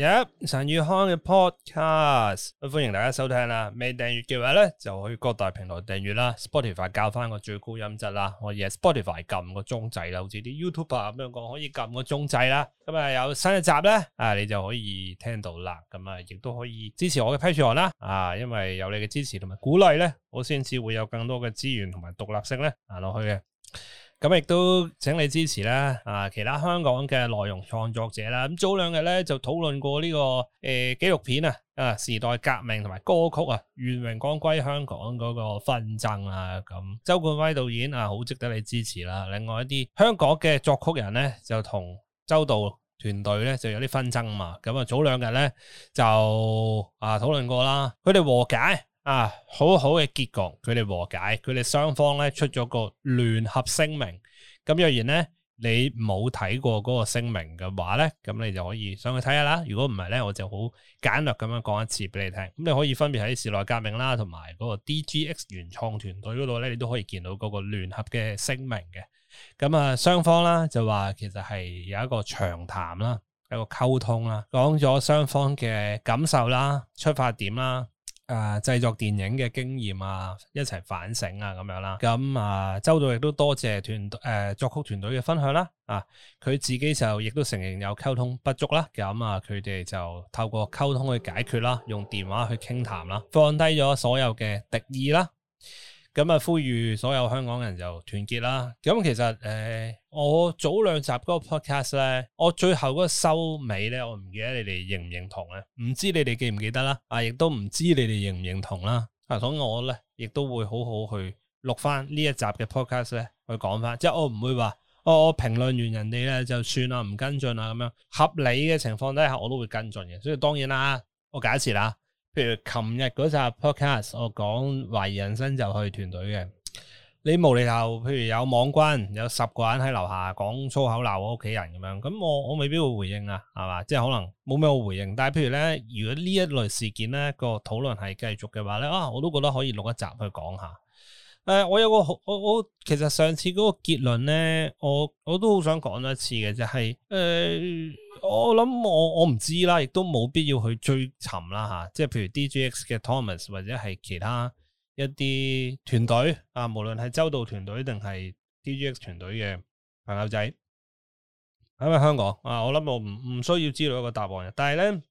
yep 陳宇康嘅 podcast，歡迎大家收聽啦。未訂閱嘅話咧，就去各大平台訂閱啦。Spotify 教翻個最高音質啦，我以 Spotify 撳個鐘掣啦，好似啲 YouTuber 咁樣講，可以撳個鐘掣啦。咁啊有新一集咧，啊你就可以聽到啦。咁啊，亦都可以支持我嘅 Patreon 啦，啊，因為有你嘅支持同埋鼓勵咧，我先至會有更多嘅資源同埋獨立性咧行落去嘅。咁亦都請你支持啦，啊，其他香港嘅內容創作者啦。咁早兩日呢，就討論過呢、這個誒、呃、紀錄片啊，啊時代革命同埋歌曲啊，願榮光歸香港嗰個紛爭啊，咁周冠威導演啊，好值得你支持啦。另外一啲香港嘅作曲人呢，就同周導團隊呢，就有啲紛爭嘛。咁啊早兩日呢，就啊討論過啦，佢哋和解。啊，好好嘅結局，佢哋和解，佢哋雙方呢，出咗個聯合聲明。咁若然呢，你冇睇過嗰個聲明嘅話呢，咁你就可以上去睇下啦。如果唔係呢，我就好簡略咁樣講一次俾你聽。咁你可以分別喺時代革命啦，同埋嗰個 DGX 原創團隊嗰度呢，你都可以見到嗰個聯合嘅聲明嘅。咁啊，雙方啦就話其實係有一個長談啦，一個溝通啦，講咗雙方嘅感受啦、出發點啦。誒、啊，製作電影嘅經驗啊，一齊反省啊，咁樣啦、啊。咁啊，周導亦都多謝團誒、呃、作曲團隊嘅分享啦、啊。啊，佢自己就亦都承認有溝通不足啦。咁啊，佢、啊、哋就透過溝通去解決啦、啊，用電話去傾談啦、啊，放低咗所有嘅敵意啦、啊。咁啊！呼籲所有香港人就團結啦。咁其實誒、呃，我早兩集嗰個 podcast 咧，我最後嗰個收尾咧，我唔記得你哋認唔認同咧？唔知你哋記唔記得啦。啊，亦都唔知你哋認唔認同啦。啊，所以我咧亦都會好好去錄翻呢一集嘅 podcast 咧，去講翻。即係我唔會話、哦，我評論完人哋咧就算啦，唔跟進啊咁樣。合理嘅情況底下，我都會跟進嘅。所以當然啦，我解釋啦。譬如琴日嗰集 podcast，我講懷疑人生就去團隊嘅，你無厘頭，譬如有網軍有十個人喺樓下講粗口鬧我屋企人咁樣，咁我我未必會回應啊，係嘛？即係可能冇咩好回應，但係譬如咧，如果呢一類事件咧，呢個討論係繼續嘅話咧，啊，我都覺得可以錄一集去講下。誒、呃，我有個好，我我其實上次嗰個結論咧，我我都好想講一次嘅，就係、是、誒、呃，我諗我我唔知道啦，亦都冇必要去追尋啦吓，即、啊、係譬如 DGX 嘅 Thomas 或者係其他一啲團隊啊，無論係周道團隊定係 DGX 團隊嘅朋友仔喺咪香港啊，我諗我唔唔需要知道一個答案嘅，但係咧，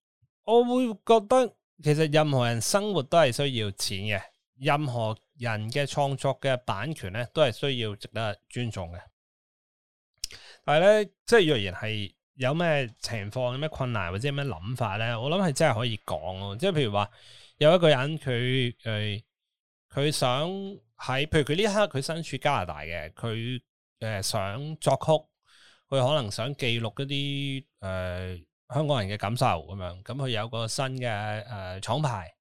我會覺得其實任何人生活都係需要錢嘅。任何人嘅創作嘅版權咧，都係需要值得尊重嘅。但係咧，即係若然係有咩情況、有咩困難或者有咩諗法咧，我諗係真係可以講咯。即係譬如話，有一個人佢誒，佢、呃、想喺，譬如佢呢一刻佢身處加拿大嘅，佢誒、呃、想作曲，佢可能想記錄一啲誒、呃、香港人嘅感受咁樣。咁佢有個新嘅誒廠牌。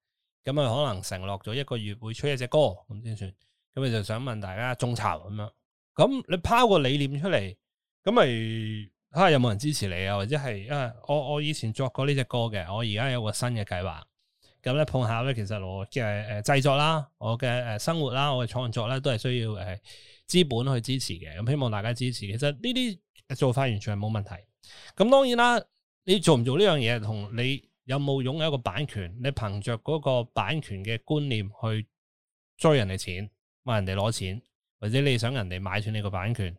咁啊，可能承諾咗一個月會出一隻歌咁先算。咁你就想問大家眾籌咁樣。咁你拋個理念出嚟，咁咪睇下有冇人支持你啊？或者係啊，我我以前作過呢隻歌嘅，我而家有個新嘅計劃。咁咧碰下咧，其實我嘅誒製作啦，我嘅誒生活啦，我嘅創作咧，都係需要誒資本去支持嘅。咁希望大家支持。其實呢啲做法完全係冇問題。咁當然啦，你做唔做呢樣嘢，同你。有冇擁有一個版權？你憑着嗰個版權嘅觀念去追人哋錢，問人哋攞錢，或者你想人哋買斷你個版權，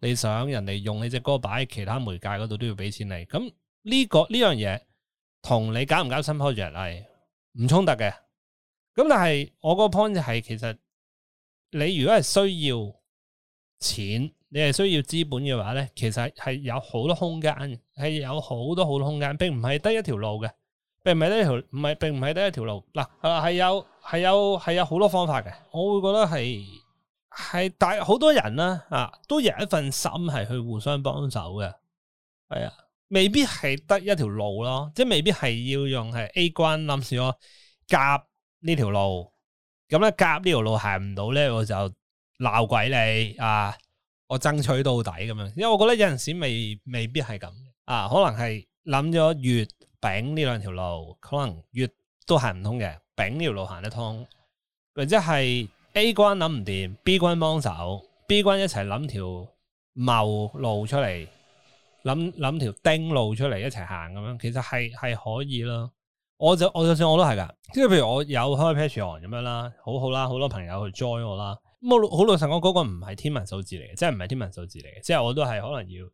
你想人哋用你隻歌擺喺其他媒介嗰度都要畀錢你。咁呢個呢樣嘢同你搞唔搞新 project 係唔衝突嘅。咁但係我個 point 係其實你如果係需要錢，你係需要資本嘅話呢，其實係有好多空間，係有好多好多空間，並唔係得一條路嘅。並唔係得一條，唔係並唔係得一條路嗱，係、啊、有係有係有好多方法嘅。我會覺得係係但係好多人啦、啊，啊，都有一份心係去互相幫手嘅，係啊，未必係得一條路咯，即係未必係要用係 A 關諗住咯，夾呢條路，咁咧夾呢條路行唔到咧，我就鬧鬼你啊！我爭取到底咁樣，因為我覺得有陣時未未必係咁，啊，可能係諗咗越。丙呢兩條路可能越都行唔通嘅，丙呢條路行得通，或者係 A 關諗唔掂，B 關幫手，B 關一齊諗條茂路出嚟，諗諗條丁路出嚟一齊行咁樣，其實係係可以啦。我就我就算我都係噶，即係譬如我有開 Patreon 咁樣啦，好好啦，好多朋友去 join 我啦，我好老實講，嗰個唔係天文數字嚟嘅，即係唔係天文數字嚟嘅，即係我都係可能要。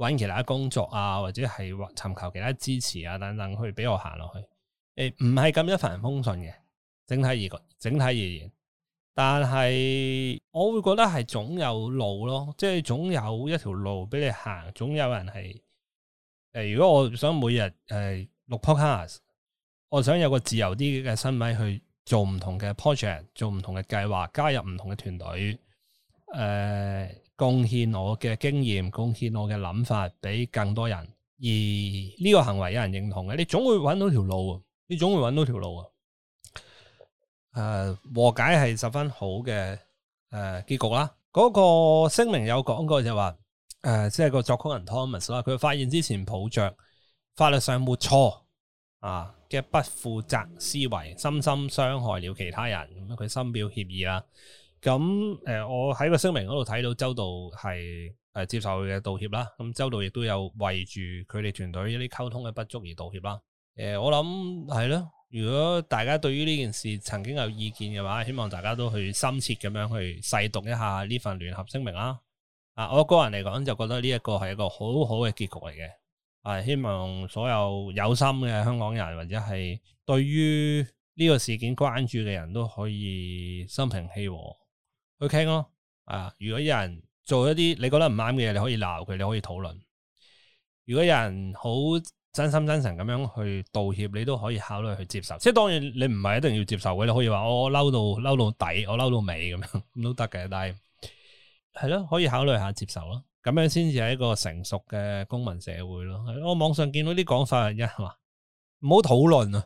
揾其他工作啊，或者係尋求其他支持啊，等等去俾我行落去。誒、欸，唔係咁一帆風順嘅，整體而個整體而言，但係我會覺得係總有路咯，即係總有一條路俾你行，總有人係誒、呃。如果我想每日誒錄 podcast，我想有個自由啲嘅身位去做唔同嘅 project，做唔同嘅計劃，加入唔同嘅團隊，誒、呃。貢獻我嘅經驗，貢獻我嘅諗法俾更多人，而呢個行為有人認同嘅，你總會揾到條路，你總會揾到條路啊！誒、呃，和解係十分好嘅誒、呃、結局啦。嗰、那個聲明有講過就話，誒、呃，即、就、係、是、個作曲人 Thomas 啦，佢發現之前抱着法律上冇錯啊嘅不負責思維，深深傷害了其他人，咁樣佢深表歉意啦。咁、嗯、我喺個聲明嗰度睇到周導係接受佢嘅道歉啦。咁周導亦都有為住佢哋團隊一啲溝通嘅不足而道歉啦、嗯。我諗係咯。如果大家對於呢件事曾經有意見嘅話，希望大家都去深切咁樣去細讀一下呢份聯合聲明啦。啊，我個人嚟講就覺得呢一個係一個好好嘅結局嚟嘅。係希望所有有心嘅香港人或者係對於呢個事件關注嘅人都可以心平氣和。ok 咯、啊，啊！如果有人做一啲你覺得唔啱嘅嘢，你可以鬧佢，你可以討論。如果有人好真心真誠咁樣去道歉，你都可以考慮去接受。即係當然你唔係一定要接受嘅，你可以話、哦、我嬲到嬲到底，我嬲到尾咁樣，咁都得嘅。但係，係咯，可以考慮下接受咯。咁樣先至係一個成熟嘅公民社會咯。係咯，我網上見到啲講法一係話唔好討論啊，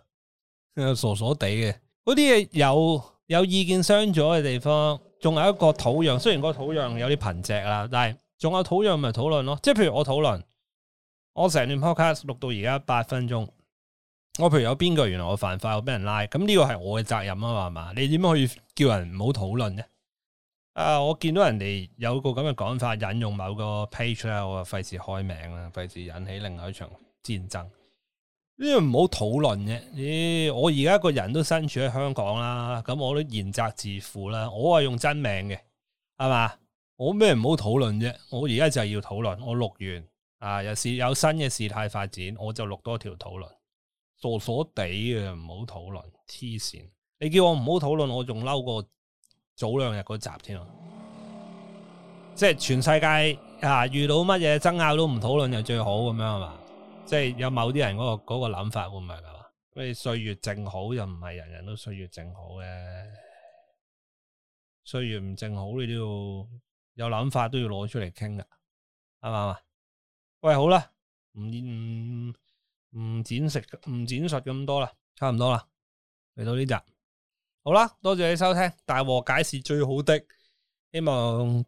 傻傻地嘅嗰啲嘢有有意見相左嘅地方。仲有一個土壤，雖然個土壤有啲貧瘠啦，但係仲有土壤咪討論咯。即係譬如我討論，我成段 podcast 錄到而家八分鐘，我譬如有邊個原來我犯法，我俾人拉，咁呢個係我嘅責任啊嘛，係嘛？你點樣可以叫人唔好討論呢？啊，我見到人哋有個咁嘅講法，引用某個 page 咧，我費事開名啦，費事引起另外一場戰爭。呢個唔好討論嘅，咦？我而家個人都身處喺香港啦，咁我都言責自負啦。我係用真名嘅，係嘛？我咩唔好討論啫？我而家就係要討論，我錄完啊，又是有新嘅事態發展，我就錄多條討論。傻傻地嘅唔好討論，黐線！你叫我唔好討論，我仲嬲過早兩日嗰集添啊！即係全世界啊，遇到乜嘢爭拗都唔討論就最好咁樣係嘛？即係有某啲人嗰、嗰個嗰個諗法會唔係嘛？因為歲月靜好又唔係人人都歲月靜好嘅，歲月唔靜好你都要有諗法，都要攞出嚟傾㗎，係咪啊？喂，好啦，唔唔唔展示唔展述咁多啦，差唔多啦，嚟到呢集，好啦，多謝你收聽，大和解釋最好的，希望。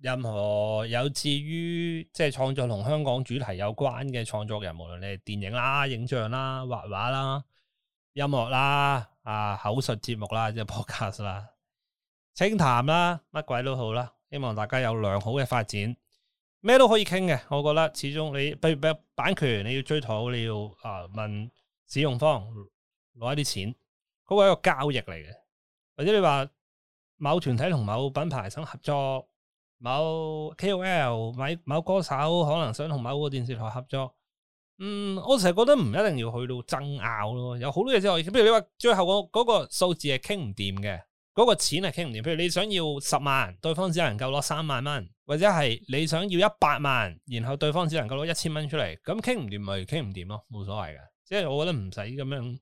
任何有志於即係創作同香港主題有關嘅創作人，無論你係電影啦、影像啦、畫畫啦、音樂啦、啊口述節目啦、即係 Podcast 啦、清談啦，乜鬼都好啦，希望大家有良好嘅發展，咩都可以傾嘅。我覺得始終你譬如比如版權，你要追討，你要啊問使用方攞一啲錢，嗰個係一個交易嚟嘅。或者你話某團體同某品牌想合作。某 KOL，某某歌手可能想同某個電視台合作，嗯，我成日覺得唔一定要去到爭拗咯，有好多嘢之後，譬如你話最後個嗰個數字係傾唔掂嘅，嗰個錢係傾唔掂，譬如你想要十萬，對方只能夠攞三萬蚊，或者係你想要一百萬，然後對方只能夠攞一千蚊出嚟，咁傾唔掂咪傾唔掂咯，冇所謂嘅，即係我覺得唔使咁樣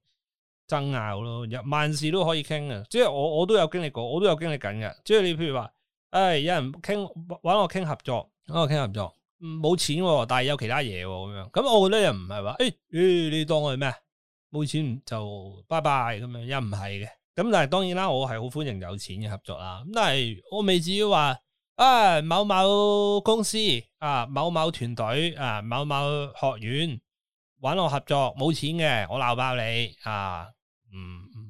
爭拗咯，萬事都可以傾嘅，即係我我都有經歷過，我都有經歷緊嘅，即係你譬如話。誒、哎，有人傾，搵我傾合作，搵我傾合作，冇錢喎、啊，但係有其他嘢喎、啊，咁樣，咁我覺得又唔係話，誒、哎，咦、哎，你當我係咩？冇錢就拜拜咁樣，又唔係嘅，咁但係當然啦，我係好歡迎有錢嘅合作啦、啊，咁但係我未至於話、哎，啊，某某公司啊，某某團隊啊，某某學院搵我合作，冇錢嘅，我鬧爆你啊，唔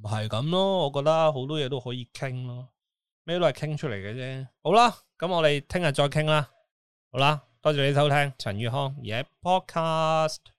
唔係咁咯，我覺得好多嘢都可以傾咯。咩都係傾出嚟嘅啫，好啦，咁我哋聽日再傾啦，好啦，多謝你收聽陳宇康嘢 Podcast。